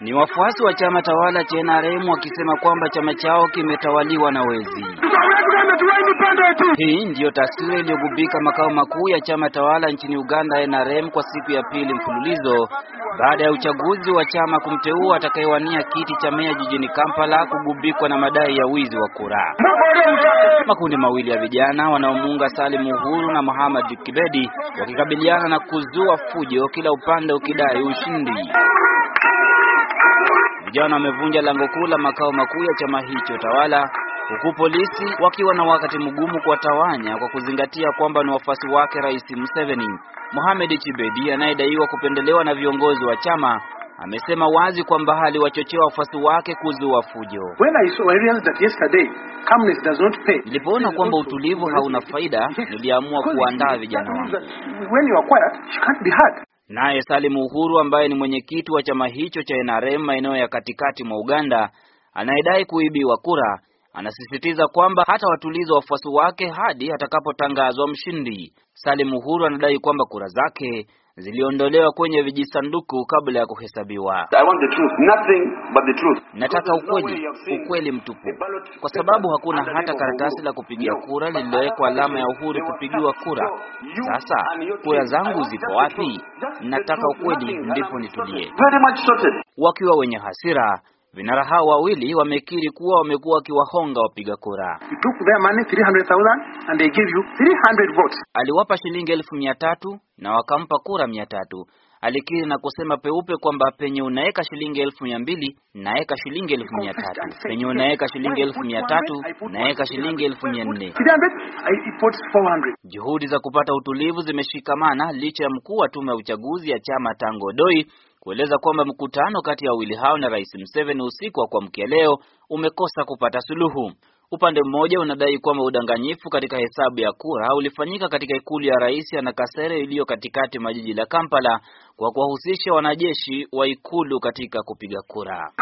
Ni wafuasi wa chama tawala cha NRM wakisema kwamba chama chao kimetawaliwa na wezi. Hii ndiyo taswira iliyogubika makao makuu ya chama tawala nchini Uganda NRM kwa siku ya pili mfululizo baada ya uchaguzi wa chama kumteua atakayewania kiti cha meya jijini Kampala kugubikwa na madai ya wizi wa kura. Makundi mawili ya vijana wanaomuunga Salim Uhuru na Muhammad Kibedi wakikabiliana na kuzua fujo, kila upande ukidai ushindi. Vijana wamevunja lango kuu la makao makuu ya chama hicho tawala, huku polisi wakiwa na wakati mgumu kuwatawanya kwa kuzingatia kwamba ni wafuasi wake Rais Museveni. Mohamed Chibedi anayedaiwa kupendelewa na viongozi wa chama amesema wazi kwamba aliwachochea wafuasi wake kuzua fujo. Nilipoona kwamba utulivu hauna faida, niliamua kuandaa vijana wangu. Naye Salim Uhuru ambaye ni mwenyekiti wa chama hicho cha NRM maeneo ya katikati mwa Uganda anayedai kuibiwa kura anasisitiza kwamba hata watuliza wafuasi wake hadi atakapotangazwa mshindi. Salim Uhuru anadai kwamba kura zake ziliondolewa kwenye vijisanduku kabla ya kuhesabiwa. Nataka ukweli, ukweli mtupu, kwa sababu hakuna hata karatasi la kupigia kura lililowekwa alama ya uhuru kupigiwa kura. Sasa kura zangu zipo wapi? Nataka ukweli, ndipo nitulie. Wakiwa wenye hasira Vinara hao wawili wamekiri kuwa wamekuwa wakiwahonga wapiga kura. Aliwapa shilingi elfu mia tatu na wakampa kura mia tatu. Alikiri na kusema peupe kwamba penye unaweka shilingi elfu mia mbili naweka shilingi elfu mia tatu penye unaweka shilingi elfu mia tatu naweka shilingi elfu mia nne Juhudi za kupata utulivu zimeshikamana licha ya mkuu wa tume ya uchaguzi ya chama Tango Doi kueleza kwamba mkutano kati ya wawili hao na Rais Museveni usiku wa kuamkia leo umekosa kupata suluhu. Upande mmoja unadai kwamba udanganyifu katika hesabu ya kura ulifanyika katika ikulu ya rais ya Nakasere iliyo katikati mwa jiji la Kampala kwa kuwahusisha wanajeshi wa ikulu katika kupiga kura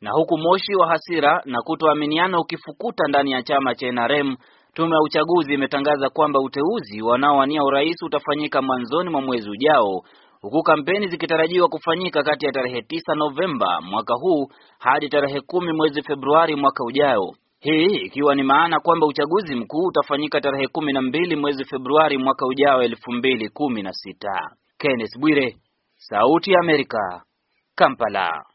na huku moshi wa hasira na kutoaminiana ukifukuta ndani ya chama cha NRM Tume ya uchaguzi imetangaza kwamba uteuzi wanaowania urais utafanyika mwanzoni mwa mwezi ujao, huku kampeni zikitarajiwa kufanyika kati ya tarehe 9 Novemba mwaka huu hadi tarehe kumi mwezi Februari mwaka ujao. Hii ikiwa ni maana kwamba uchaguzi mkuu utafanyika tarehe kumi na mbili mwezi Februari mwaka ujao elfu mbili kumi na sita. Kenneth Bwire, Sauti ya Amerika, Kampala.